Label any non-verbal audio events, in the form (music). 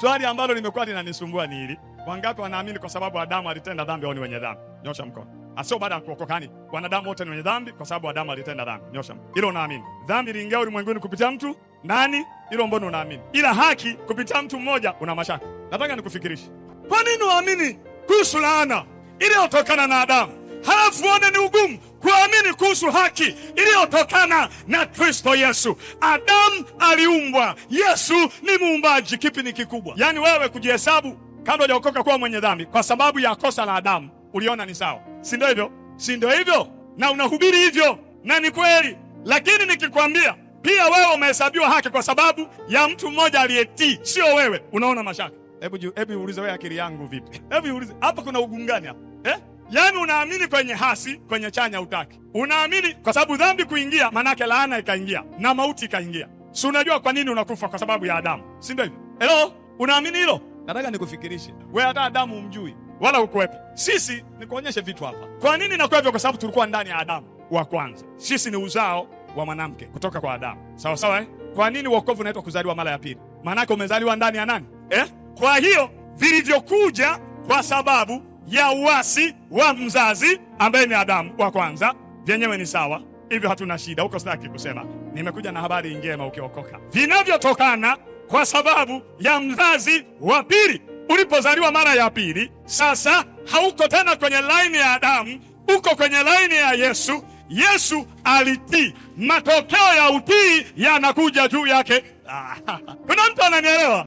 Swali ambalo limekuwa linanisumbua ni hili. Wangapi wanaamini kwa sababu Adamu alitenda dhambi au ni wenye dhambi? Nyosha mkono. Asio ah, baada ya kuokokani. Wanadamu wote ni wenye dhambi kwa sababu Adamu alitenda dhambi. Nyosha mkono. Hilo unaamini. Dhambi iliingia ulimwenguni kupitia mtu nani? Hilo mbona unaamini? Ila haki kupitia mtu mmoja una mashaka. Nataka nikufikirishe. Kwa nini uamini kuhusu laana iliyotokana na Adamu? Halafu uone ni ugumu kuamini kuhusu haki iliyotokana na Kristo Yesu. Adamu aliumbwa, Yesu ni muumbaji. Kipi ni kikubwa? Yaani wewe kujihesabu kabla hujaokoka kuwa mwenye dhambi kwa sababu ya kosa la Adamu uliona ni sawa, si ndio hivyo? Si ndio hivyo? Na unahubiri hivyo, na ni kweli, lakini nikikwambia pia wewe umehesabiwa haki kwa sababu ya mtu mmoja aliyetii, sio wewe, unaona mashaka. Hebu hebu uulize wewe, akili yangu vipi? Hebu uulize hapa kuna ugungani hapa eh? Yaani unaamini kwenye hasi, kwenye chanya utaki. Unaamini kwa sababu dhambi kuingia, manake laana ikaingia na mauti ikaingia. Si unajua kwa nini unakufa? Kwa sababu ya Adamu, si ndio hivyo? Hello, unaamini hilo? Nataka nikufikirishe wewe, hata Adamu umjui wala ukuwepo. Sisi nikuonyeshe vitu hapa. Kwa nini nakuwa hivyo? Kwa sababu tulikuwa ndani ya Adamu wa kwanza. Sisi ni uzao wa mwanamke kutoka kwa Adamu, sawa sawa eh? Kwa nini wokovu unaitwa kuzaliwa mara ya pili? Maanake umezaliwa ndani ya nani eh? Kwa hiyo vilivyokuja kwa sababu ya uasi wa mzazi ambaye ni Adamu wa kwanza, vyenyewe ni sawa, hivyo hatuna shida huko. Sitaki kusema, nimekuja na habari njema ukiokoka, vinavyotokana kwa sababu ya mzazi wa pili. Ulipozaliwa mara ya pili, sasa hauko tena kwenye laini ya Adamu, uko kwenye laini ya Yesu. Yesu alitii, matokeo ya utii yanakuja juu yake. (laughs) Kuna mtu ananielewa?